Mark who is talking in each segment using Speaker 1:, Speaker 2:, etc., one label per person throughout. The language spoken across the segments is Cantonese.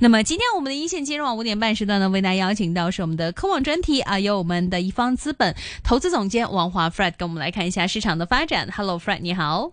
Speaker 1: 那麼今天我們的一線金融網五點半時段呢，為大家邀請到是我們的科網專題啊，由我們的一方資本投資總監王華 Fred 跟我們來看一下市場的發展。Hello，Fred，你好。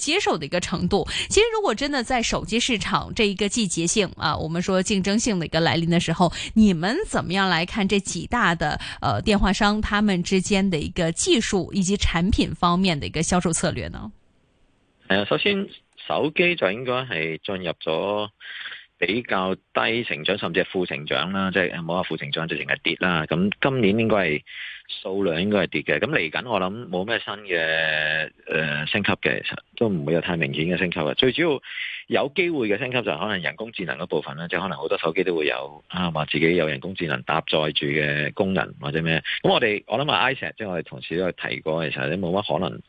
Speaker 1: 接受的一個程度，其實如果真的在手機市場這一個季節性啊，我們說競爭性的一個來臨的時候，你們怎麼樣來看這幾大的呃電話商他們之間的一個技術以及產品方面的一個銷售策略呢？
Speaker 2: 哎呀，首先手機就應該係進入咗比較低成長甚至係負成長啦，即係冇話負成長就淨係跌啦。咁今年應該係。數量應該係跌嘅，咁嚟緊我諗冇咩新嘅、呃、升級嘅，其實都唔會有太明顯嘅升級嘅。最主要有機會嘅升級就係可能人工智能嗰部分啦，即、係、可能好多手機都會有啊，自己有人工智能搭載住嘅功能或者咩。咁我哋我諗埋 i s a 即係我哋同事都有提過，其實你冇乜可能。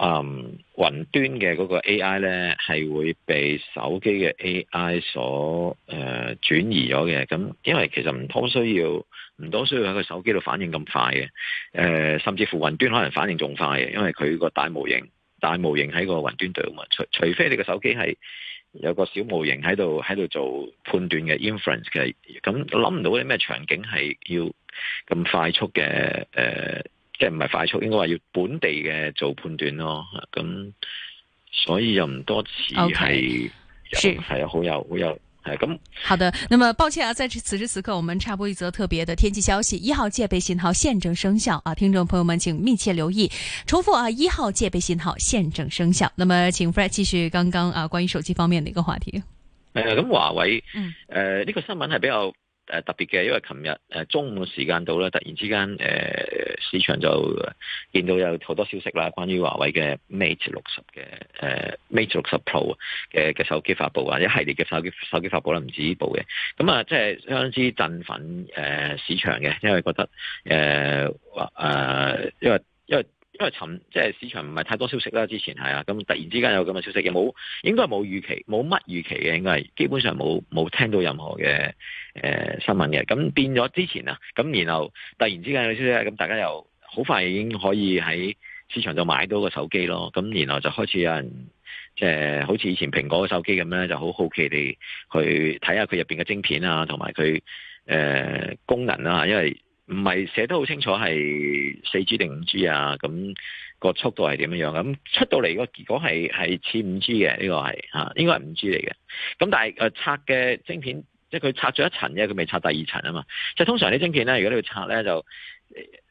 Speaker 2: 嗯，雲、um，端嘅嗰個 AI 呢，係會被手機嘅 AI 所誒轉、呃、移咗嘅。咁因為其實唔多需要，唔多需要喺個手機度反應咁快嘅。誒、呃，甚至乎雲端可能反應仲快嘅，因為佢個大模型、大模型喺個雲端度啊嘛。除除非你個手機係有個小模型喺度，喺度做判斷嘅 inference 嘅。咁諗唔到啲咩場景係要咁快速嘅誒？呃即係唔係快速，應該話要本地嘅做判斷咯。咁、啊、所以又唔多似係係啊，好有好有係咁。
Speaker 1: 好的，那麼抱歉啊，在此時此刻，我們插播一則特別的天氣消息：一號戒備信號現正生效啊！聽眾朋友們，請密切留意。重複啊，一號戒備信號現正生效。那麼，請 Fred 繼續剛剛啊關於手機方面的一個話題。
Speaker 2: 誒、啊，咁華為，嗯，誒呢、呃這個新聞係比較。誒特別嘅，因為琴日誒中午嘅時間到咧，突然之間誒、呃、市場就見到有好多消息啦，關於華為嘅 Mate 六十嘅誒、呃、Mate 六十 Pro 嘅嘅手機發佈啊，一系列嘅手機手機發佈啦，唔止呢部嘅，咁啊即係相當之振奮誒、呃、市場嘅，因為覺得誒誒、呃呃，因為因為因為沉，即係市場唔係太多消息啦。之前係啊，咁突然之間有咁嘅消息，又冇應該冇預期，冇乜預期嘅，應該係基本上冇冇聽到任何嘅誒、呃、新聞嘅。咁變咗之前啊，咁然後突然之間有消息，咁大家又好快已經可以喺市場度買到個手機咯。咁然後就開始有人即係、呃、好似以前蘋果嘅手機咁咧，就好好奇地去睇下佢入邊嘅晶片啊，同埋佢誒功能啊。因為唔係寫得好清楚係四 G 定五 G 啊？咁、個速度係點樣樣？咁出到嚟個結果係係似五 G 嘅呢、呢個係嚇，應該係五 G 嚟嘅。咁但係、呃、拆嘅晶片，即係佢拆咗一層啫，因為佢未拆第二層啊嘛。即係通常啲晶片咧，如果你要拆咧，就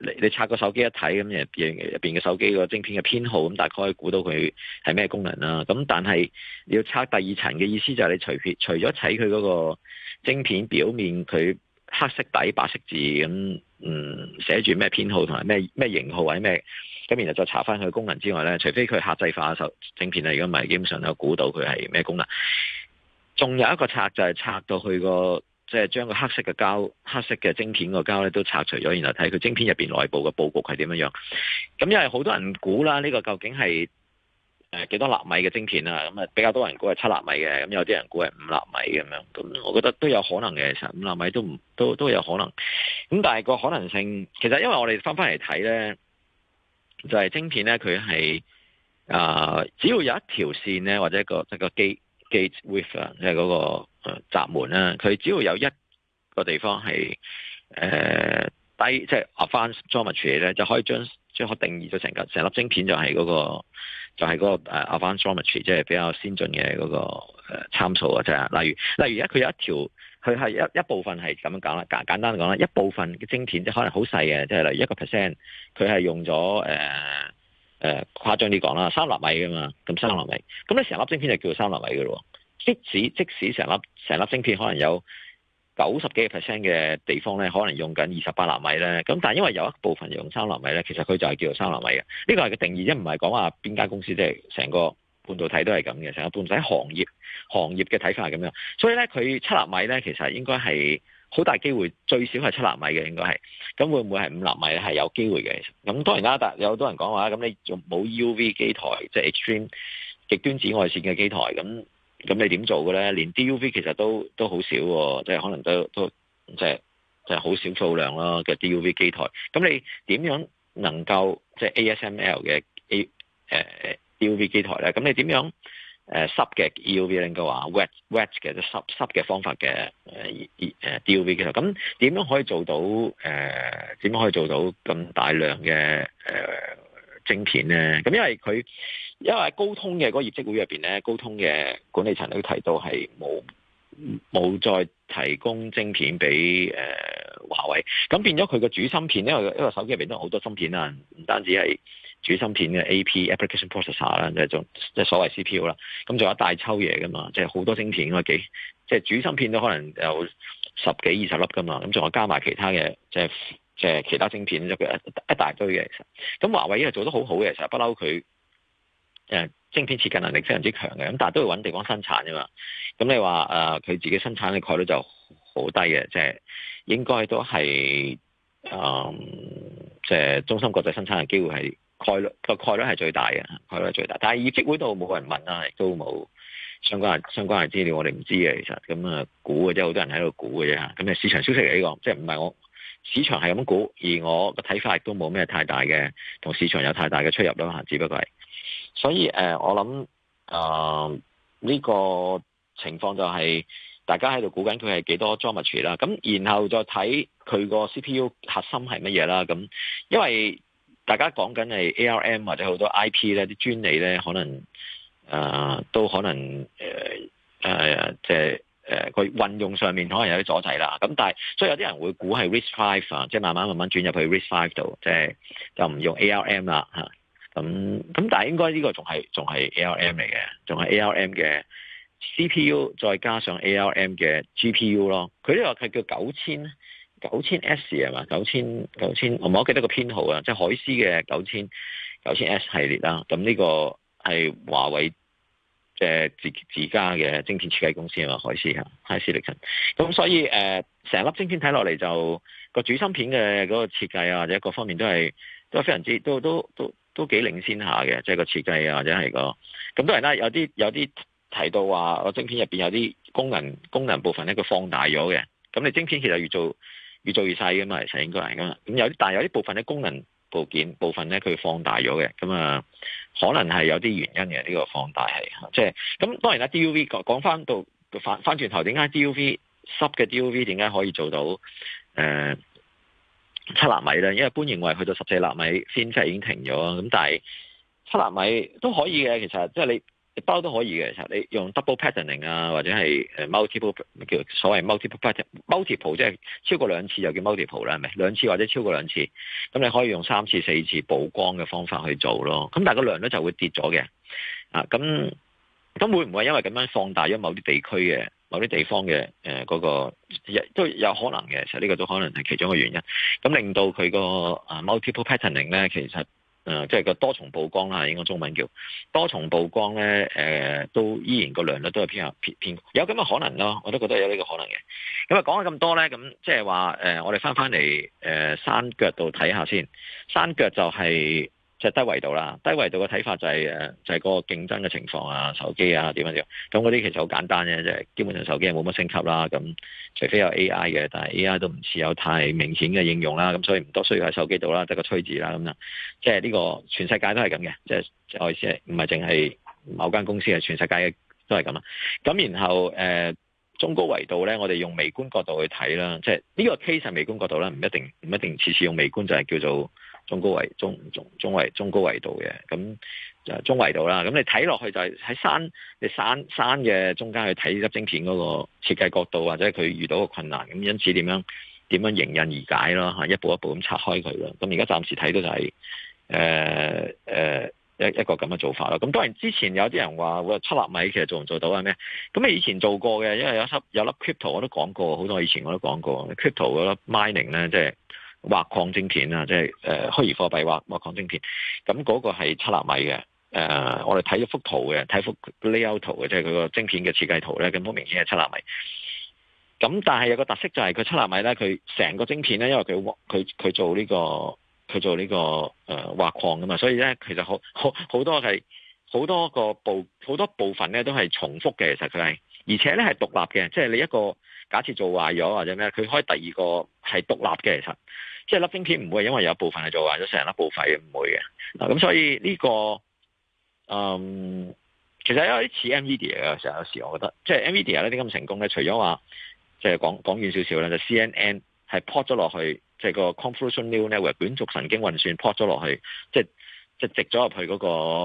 Speaker 2: 你你拆個手機一睇咁，入邊嘅手機個晶片嘅編號，咁大概估到佢係咩功能啦。咁但係你要拆第二層嘅意思就係你除撇除咗睇佢嗰個晶片表面佢。黑色底白色字咁，嗯，寫住咩編號同埋咩咩型號或者咩，咁然後再查翻佢功能之外咧，除非佢係客製化手晶片咧，如果唔係，基本上都估到佢係咩功能。仲有一個拆就係、是、拆到去個，即、就、係、是、將個黑色嘅膠、黑色嘅晶片個膠咧都拆除咗，然後睇佢晶片入邊內部嘅佈局係點樣樣。咁因為好多人估啦，呢、這個究竟係。誒，幾多納米嘅晶片啊？咁啊，比較多人估係七納米嘅，咁有啲人估係五納米咁樣。咁我覺得都有可能嘅，其實五納米都唔都都有可能。咁但係個可能性，其實因為我哋翻翻嚟睇咧，就係、是、晶片咧，佢、呃、係只要有一條線咧，或者一個 gate, gate width, 個機 gate with 即係嗰個閘門啦，佢只要有一個地方係誒低，即、呃、係、就是、advanced geometry 咧，就可以將。即係我定義咗成嚿成粒晶片就係嗰、那個就係、是、嗰、那個誒、uh, advanced geometry 即係比較先進嘅嗰、那個誒、呃、參數啊，即、就、係、是、例如例如而家佢有一條佢係一一部分係咁樣講啦，簡簡單講啦，一部分嘅晶片即係、就是、可能好細嘅，即、就、係、是、例如一個 percent，佢係用咗誒誒誇張啲講啦，三納米噶嘛，咁三納米，咁咧成粒晶片就叫做三納米嘅咯，即使即使成粒成粒晶片可能有。九十幾個 percent 嘅地方咧，可能用緊二十八納米咧，咁但係因為有一部分用三納米咧，其實佢就係叫做三納米嘅，呢個係個定義，一唔係講話邊間公司即係成個半導體都係咁嘅，成個半導體行業行業嘅睇法係咁樣的，所以咧佢七納米咧其實應該係好大機會，最少係七納米嘅應該係，咁會唔會係五納米咧係有機會嘅？咁當然啦，但係有好多人講話，咁你用冇 UV 機台，即係 extreme 極端紫外線嘅機台咁。咁你點做嘅咧？連 DUV 其實都都好少、哦，即係可能都都即係即係好少數量囉。嘅 DUV 機台。咁你點樣能夠即係 ASML 嘅 A、呃、DUV 機台咧？咁你點樣誒、呃、濕嘅 DUV 令嘅話 wet wet 嘅濕濕嘅方法嘅 DUV 機台？咁點樣可以做到誒？點、呃、樣可以做到咁大量嘅？呃晶片咧，咁因為佢，因為高通嘅嗰個業績會入邊咧，高通嘅管理層都提到係冇冇再提供晶片俾誒、呃、華為，咁變咗佢個主芯片，因為因為手機入邊都好多芯片啊，唔單止係主芯片嘅 AP Application Processor 啦，即係仲即係所謂 CPU 啦，咁仲有一大抽嘢噶嘛，即係好多晶片咯，幾即係、即係、主芯片都可能有十幾二十粒噶嘛，咁仲有加埋其他嘅即係。即係即係其他晶片，一一大堆嘅。其實，咁華為依家做得好好嘅，其實不嬲佢誒晶片設計能力非常之強嘅。咁但係都要揾地方生產啫嘛。咁你話誒佢自己生產嘅概率就好低嘅，即係應該都係誒，即係中芯國際生產嘅機會係概率個概率係最大嘅，概率係最大。但係業績會度冇人問啦，亦都冇相關相關嘅資料，我哋唔知嘅。其實咁啊，估嘅啫，好多人喺度估嘅啫。咁你市場消息嚟呢個，即係唔係我。市場係咁估，而我個睇法亦都冇咩太大嘅，同市場有太大嘅出入啦嚇，只不過係，所以誒、呃，我諗啊，呢、呃這個情況就係、是、大家喺度估緊佢係幾多 transmit 啦，咁然後再睇佢個 CPU 核心係乜嘢啦，咁因為大家講緊係 ARM 或者好多 IP 呢啲專利呢，可能啊、呃、都可能誒誒、呃呃呃、即係。誒佢、呃、運用上面可能有啲阻滯啦，咁但係所以有啲人會估係 RISC-V 啊，即係慢慢慢慢轉入去 RISC-V 度，即係就唔用 ARM 啦嚇，咁、啊、咁、嗯、但係應該呢個仲係仲係 ARM 嚟嘅，仲係 ARM 嘅 CPU 再加上 ARM 嘅 GPU 咯，佢呢個係叫九千九千 S 係嘛？九千九千我唔係好記得個編號啊，即係海思嘅九千九千 S 系列啦，咁呢個係華為。誒自自家嘅晶片設計公司啊，嘛，海思啊，海思力坤。咁所以誒，成、呃、粒晶片睇落嚟就個主芯片嘅嗰個設計啊，或者各方面都係都係非常之都都都都幾領先下嘅，即、就、係、是、個設計啊，或者係、那個咁當然啦。有啲有啲提到話，個晶片入邊有啲功能功能部分咧，佢放大咗嘅。咁你晶片其實越做越做越細噶嘛，其實應該嚟噶嘛。咁有啲但係有啲部分嘅功能。部件部分咧，佢放大咗嘅，咁啊，可能係有啲原因嘅呢、這個放大係，即係咁當然啦。DUV 講講翻到翻翻轉頭，點解 DUV 濕嘅 DUV 點解可以做到誒七、呃、納米咧？因為一般認為去到十四納米先即係已經停咗啊，咁但係七納米都可以嘅，其實即係、就是、你。包都可以嘅，其實你用 double patterning 啊，或者係 multiple 叫所謂 multiple patterning multiple 即係超過兩次就叫 multiple 啦，係咪兩次或者超過兩次，咁你可以用三次四次曝光嘅方法去做咯。咁但係個量咧就會跌咗嘅。啊，咁咁、嗯、會唔會因為咁樣放大咗某啲地區嘅某啲地方嘅誒嗰個亦都有可能嘅。其實呢個都可能係其中一個原因，咁令到佢個啊 multiple patterning 咧其實。誒、嗯，即係個多重曝光啦，應該中文叫多重曝光咧。誒、呃，都依然個良率都係偏向偏偏有咁嘅可能咯。我都覺得有呢個可能嘅。咁、嗯、啊，講咗咁多咧，咁即係話誒，我哋翻翻嚟誒山腳度睇下先。山腳就係、是。即係低維度啦，低維度嘅睇法就係、係、就係、係、個競爭嘅情況啊，手機啊點樣樣，咁嗰啲其實好簡單嘅，即、就、係、係、基本上手機係冇乜升級啦，咁除非有 AI 嘅，但係 AI 都唔似有太明顯嘅應用啦，咁所以唔多需要喺手機度啦，得個趨勢啦咁啦，即係呢個全世界都係咁嘅，即係我意思係唔係淨係某間公司，係全世界都係咁。咁然後誒、呃、中高維度咧，我哋用微觀角度去睇啦，即係呢個 case 喺微觀角度呢，唔一定唔一定次次用微觀，就係叫做。中高維、中中中維、中高維度嘅，咁就中維度啦。咁你睇落去就係喺山，你山山嘅中間去睇粒晶片嗰個設計角度，或者佢遇到個困難，咁因此點樣點樣迎刃而解咯。嚇，一步一步咁拆開佢咯。咁而家暫時睇到就係誒誒一一個咁嘅做法咯。咁當然之前有啲人話，我七納米其實做唔做到係咩？咁你以前做過嘅，因為有粒有粒 crypto 我都講過，好多以前我都講過 crypto 嗰粒 mining 咧，即係。畫礦晶片啊，即係誒虛擬貨幣畫畫礦晶片，咁嗰個係七納米嘅，誒我哋睇咗幅圖嘅，睇幅 layout 圖嘅，即係佢個晶片嘅設計圖咧，咁好明顯係七納米。咁但係有個特色就係佢七納米咧，佢成個晶片咧，因為佢佢佢做呢個佢做呢個誒畫礦啊嘛，所以咧其實好好好多係好多個部好多部分咧都係重複嘅，其實佢係。而且咧係獨立嘅，即係你一個假設做壞咗或者咩，佢開第二個係獨立嘅，其實即係粒晶片唔會因為有一部分係做壞咗，成粒部費唔會嘅。嗱咁、嗯、所以呢、這個嗯，其實有啲似 M V D 嘅成日有時我覺得即係 M V D i a 呢啲咁成功咧？除咗話即係講講遠少少啦，就是、C N N 係 port 咗落去，即、就、係、是、個 conclusion new 咧，或 k 卷軸神經運算 port 咗落去，即即係直咗入去嗰、那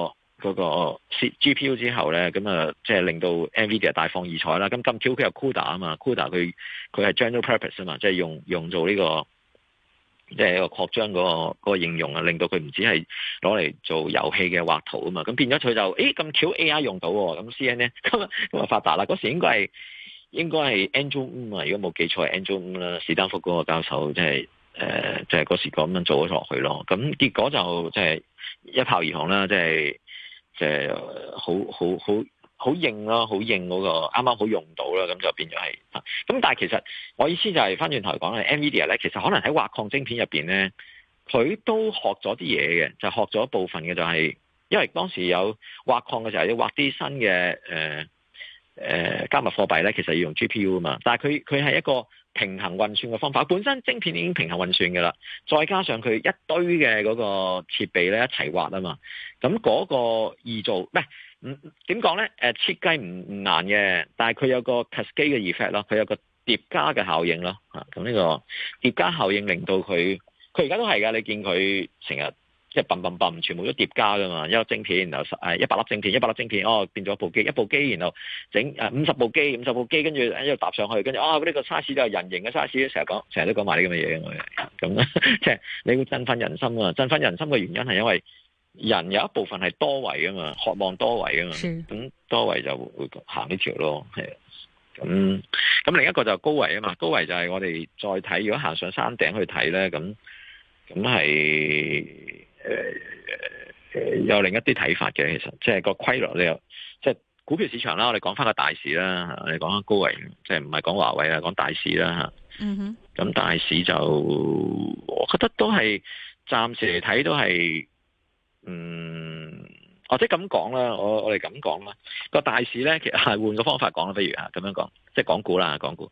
Speaker 2: 個。嗰個 C GPU 之後咧，咁啊，即係令到 NVIDIA 大放異彩啦。咁咁啱佢有 CUDA 啊嘛，CUDA 佢佢係 general purpose 啊嘛，即係、就是、用用做呢、這個即係、就是、一個擴張嗰、那個嗰、那個、應用啊，令到佢唔止係攞嚟做遊戲嘅畫圖啊嘛。咁變咗佢就，誒咁啱 AR 用到喎、啊。咁 CNN 咧咁啊發達啦，嗰時應該係應該係 Andrew Ng 啊，如果冇記錯係 Andrew Ng 啦。史丹福嗰個教授即係誒就係、是、嗰、呃就是、時咁樣做咗落去咯。咁結果就即係一炮而紅啦，即係。即係好好好好硬咯，好硬嗰、那個，啱啱好用到啦，咁就變咗係啊！咁但係其實我意思就係翻轉頭講 NVIDIA 咧，其實可能喺挖礦晶片入面咧，佢都學咗啲嘢嘅，就學咗部分嘅就係、是，因為當時有挖礦嘅時候要挖啲新嘅誒誒加密貨幣咧，其實要用 GPU 啊嘛，但係佢佢係一個平衡運算嘅方法，本身晶片已經平衡運算嘅啦，再加上佢一堆嘅嗰個設備咧一齊畫啊嘛，咁嗰個易做唔點講咧？誒設計唔唔難嘅，但係佢有個 cascade 嘅 effect 咯，佢有個疊加嘅效應咯嚇。咁呢個疊加效應令到佢佢而家都係㗎，你見佢成日。即係嘣嘣嘣，全部都疊加噶嘛，一個晶片然後誒一百粒晶片，一百粒晶片，粒晶片哦，變咗部機，一部機然後整誒五十部機，五十部機跟住喺度搭上去，跟住啊嗰啲個沙士都係人形嘅沙士，成日講成日都講埋呢咁嘅嘢嘅，咁即係你會振奮人心啊！振奮人心嘅原因係因為人有一部分係多維啊嘛，渴望多維啊嘛，咁是多維就會行呢條咯，係咁咁，另一個就是高維啊嘛，高維就係我哋再睇，如果行上山頂去睇咧，咁咁係。誒誒誒，有另一啲睇法嘅，其實即係個規律咧，即係股票市場啦。我哋講翻個大市啦，我哋講下高位，即係唔係講華為啊，講大市啦吓。嗯哼。咁大市就，我覺得都係暫時嚟睇都係，嗯，或者咁講啦，我我哋咁講啦。個大市咧，其實係換個方法講啦，比如吓咁樣講，即係講股啦，講股。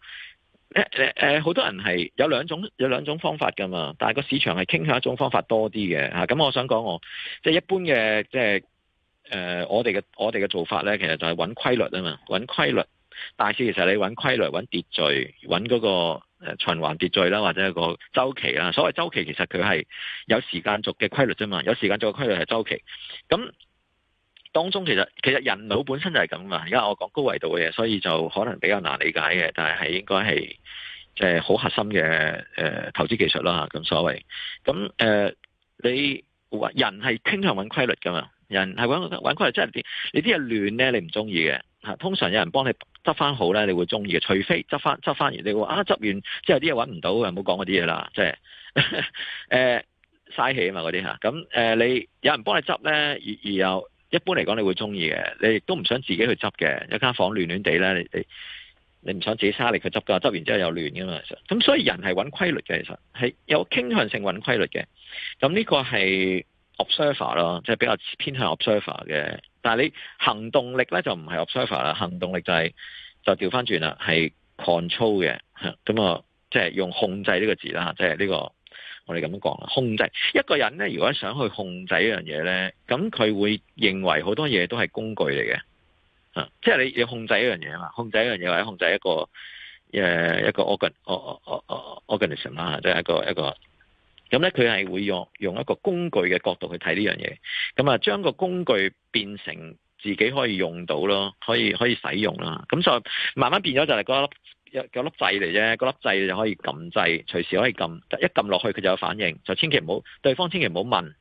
Speaker 2: 誒誒誒，好多人係有兩種有兩種方法噶嘛，但係個市場係傾向一種方法多啲嘅吓。咁我想講我即係一般嘅，即係誒，我哋嘅我哋嘅做法咧，其實就係搵規律啊嘛，搵規律。大少其實你搵規律、搵秩序、搵嗰個誒循環秩序啦，或者個周期啦。所謂周期，其實佢係有時間軸嘅規律啫嘛。有時間軸嘅規律係周期咁。當中其實其實人腦本身就係咁嘛，而家我講高維度嘅嘢，所以就可能比較難理解嘅，但係係應該係即係好核心嘅誒、呃、投資技術啦咁，所謂咁誒、呃、你人係傾向搵規律噶嘛，人係搵搵規律，即係點？你啲嘢亂咧，你唔中意嘅吓，通常有人幫你執翻好咧，你會中意嘅，除非執翻執翻完你話啊執完之後啲嘢搵唔到，唔好講嗰啲嘢啦，即係誒嘥氣啊嘛嗰啲吓，咁誒、呃、你有人幫你執咧，而而有一般嚟講，你會中意嘅，你亦都唔想自己去執嘅。一間房亂亂地咧，你你你唔想自己嘥力去執㗎，執完之後又亂㗎嘛。咁所以人係搵規律嘅，其實係有傾向性搵規律嘅。咁呢個係 observer 咯，即係比較偏向 observer 嘅。但你行動力咧就唔係 observer 啦，行動力就係、係、就調返轉啦，係 control 嘅。咁啊，即係用控制呢個字啦，即係呢、呢個。我哋咁樣講，控制一個人咧，如果想去控制一樣嘢咧，咁佢會認為好多嘢都係工具嚟嘅，啊，即係你要控制一樣嘢啊嘛，控制一樣嘢或者控制一個誒、呃、一個 organ，or or organism 啦，即係一個一個，咁咧佢係會用用一個工具嘅角度去睇呢樣嘢，咁啊將個工具變成自己可以用到咯，可以可以使用啦，咁、啊、再、啊、慢慢變咗就係嗰粒。有粒掣嚟啫，個粒掣就可以撳掣，隨時可以撳，一撳落去佢就有反應，就千祈唔好，對方千祈唔好問，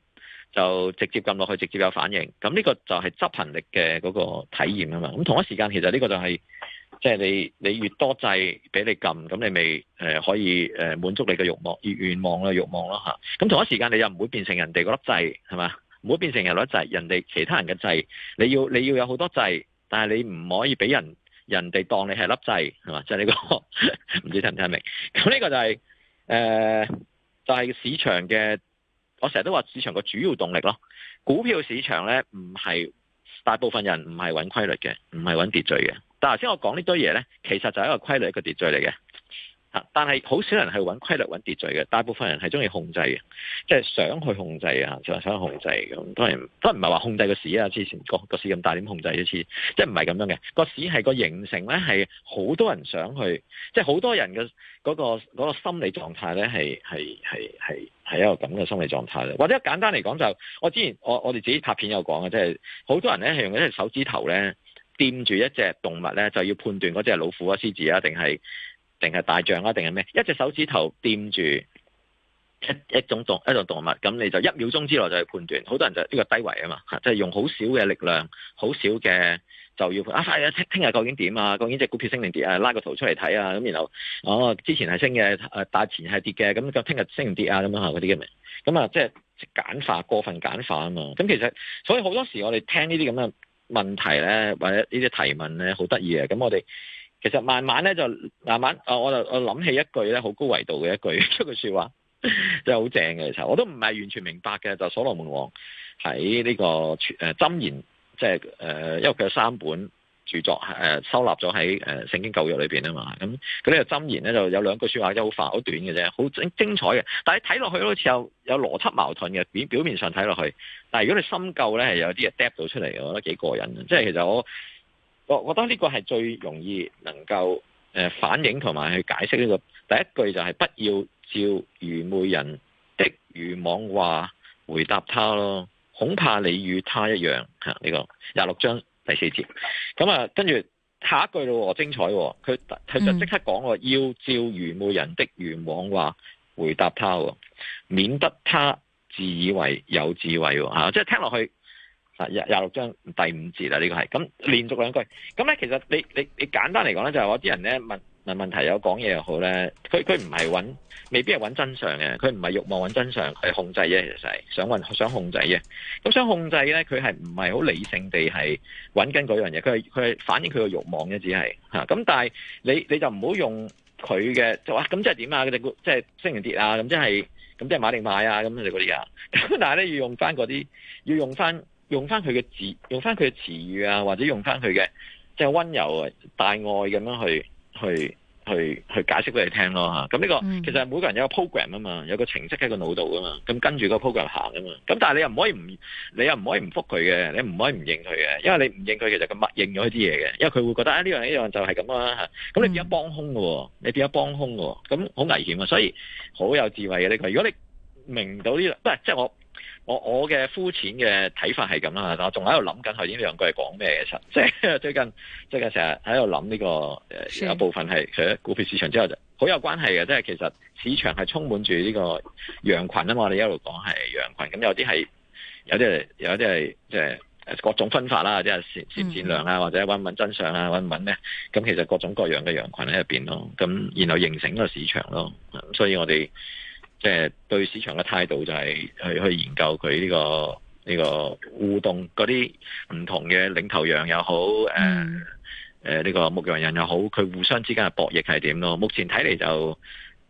Speaker 2: 就直接撳落去，直接有反應。咁呢個就係執行力嘅嗰個體驗啊嘛。咁同一時間，其實呢個就係即係你你越多掣俾你撳，咁你咪誒可以誒滿足你嘅欲望，越願望啦，欲望啦吓。咁同一時間，你又唔會變成人哋嗰粒掣係嘛，唔會變成人哋嗰粒掣，人哋其他人嘅掣。你要你要有好多掣，但係你唔可以俾人。人哋當你係粒掣係嘛？即係呢個唔知聽唔聽明。咁呢個就係誒，就係市場嘅。我成日都話市場個主要動力咯。股票市場咧，唔係大部分人唔係揾規律嘅，唔係揾秩序嘅。但係頭先我講呢堆嘢咧，其實就係一個規律，一個秩序嚟嘅。但係好少人係揾規律揾秩序嘅，大部分人係中意控制嘅，即係想去控制啊，就係想去控制咁。當然都唔係話控制個市啊，之前個個市咁大點控制一次，即係唔係咁樣嘅。個市係個形成咧係好多人想去，即係好多人嘅嗰個嗰個心理狀態咧係係係係係一個咁嘅心理狀態咧。或者簡單嚟講就，我之前我我哋自己拍片有講嘅，即係好多人咧係用一隻手指頭咧掂住一隻動物咧，就要判斷嗰隻係老虎啊、獅子啊定係。定係大象啊，定係咩？一隻手指頭掂住一一種動一種動物，咁你就一秒鐘之內就去判斷。好多人就呢個低位啊嘛，即係用好少嘅力量，好少嘅就要啊快啊！聽日究竟點啊？究竟隻股票升定跌啊？拉個圖出嚟睇啊！咁然後哦，之前係升嘅，誒大前係跌嘅，咁咁聽日升唔跌啊？咁啊嗰啲嘅咪，咁啊即係簡化過分簡化啊嘛！咁其實所以好多時我哋聽呢啲咁嘅問題咧，或者呢啲提問咧，好得意呀。咁我哋。其實慢慢咧就慢慢，啊我就我諗起一句咧好高維度嘅一句一句說話，真係好正嘅。其實我都唔係完全明白嘅，就所羅門王喺呢個誒箴言，即係誒、呃，因為佢有三本著作，誒、呃、收納咗喺誒聖經舊約裏邊啊嘛。咁佢呢個箴言咧就有兩句說話，就好快好短嘅啫，好精精彩嘅。但係睇落去好似有有邏輯矛盾嘅表表面上睇落去，但係如果你深究咧，係有啲嘢 depth 到出嚟嘅，我覺得幾過癮。即係其實我。我覺得呢個係最容易能夠誒反映同埋去解釋呢個。第一句就係，不要照愚昧人的愚妄話回答他咯，恐怕你與他一樣嚇呢、這個廿六章第四節。咁啊，跟住下一句嘞喎，精彩喎！佢佢就即刻講喎，嗯、要照愚昧人的愚妄話回答他喎，免得他自以為有智慧喎嚇，即係聽落去。廿六章第五節啦，呢個係咁連續兩句。咁咧，其實你你你簡單嚟講咧，就係話啲人咧問問問題，有講嘢又好咧。佢佢唔係揾，未必係揾真相嘅。佢唔係欲望揾真相，去控制嘅。其實係想想控制嘅。咁想控制咧，佢係唔係好理性地係揾緊嗰樣嘢？佢係佢係反映佢個欲望嘅，只係嚇。咁但係你你就唔好用佢嘅就話咁即係點啊？佢哋即係、啊、升定跌啊？咁即係咁即係買定賣啊？咁佢哋嗰啲啊。咁但係咧要用翻嗰啲要用翻。用翻佢嘅字，用翻佢嘅詞語啊，或者用翻佢嘅即係溫柔啊、大愛咁樣去去去去解釋俾你聽咯嚇。咁、嗯、呢個其實每個人有個 program 啊嘛，有個程式喺個腦度噶嘛，咁跟住個 program 行啊嘛。咁但係你又唔可以唔，你又唔可以唔覆佢嘅，你唔可以唔認佢嘅，因為你唔認佢其實咁默認咗啲嘢嘅，因為佢會覺得啊呢、哎、樣呢樣就係咁啦嚇。咁你變咗幫兇嘅喎、哦，你變咗幫兇嘅喎、哦，咁好危險啊。所以好有智慧嘅呢、這個。如果你明到呢、這個，唔係即係我。我我嘅膚淺嘅睇法係咁啦，但我仲喺度諗緊頭先呢兩句係講咩嘅？其實即係最近即係成日喺度諗呢個誒有部分係除咗股票市場之後，就好有關係嘅。即係其實市場係充滿住呢個羊群啊嘛！我哋一路講係羊群咁，有啲係有啲係有啲係即係各種分法啦，即係蝕蝕錢糧啊，或者揾唔揾真相啊，揾唔揾咧。咁其實各種各樣嘅羊群喺入邊咯。咁然後形成個市場咯。所以我哋。即係對市場嘅態度就係去去研究佢呢個呢個互動嗰啲唔同嘅領頭羊又好，誒誒呢個牧羊人又好，佢互相之間嘅博弈係點咯？目前睇嚟就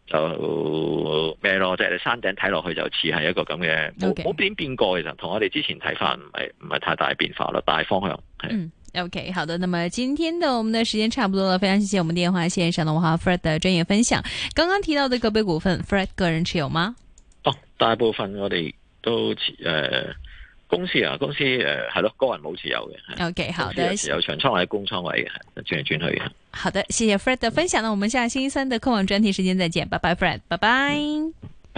Speaker 2: 就咩咯？即係你山頂睇落去就似係一個咁嘅冇冇點變過，其實同我哋之前睇法唔係唔係太大變化咯，大方向。
Speaker 1: OK，好的，那麼今天的我們的時間差不多了，非常謝謝我們電話線上的王華 Fred 的專業分享。剛剛提到的個別股份，Fred 個人持有嗎？
Speaker 2: 哦，oh, 大部分我哋都持，誒、呃，公司啊，公司誒、啊，係咯、啊，個人冇持有嘅。啊啊
Speaker 1: 啊啊、OK，好，的。持
Speaker 2: 有長倉位、公倉位嘅，轉嚟轉去嘅。
Speaker 1: 好的，謝謝 Fred 的分享了，我們下期星期三的客網專題時間再見，拜拜，Fred，拜拜。嗯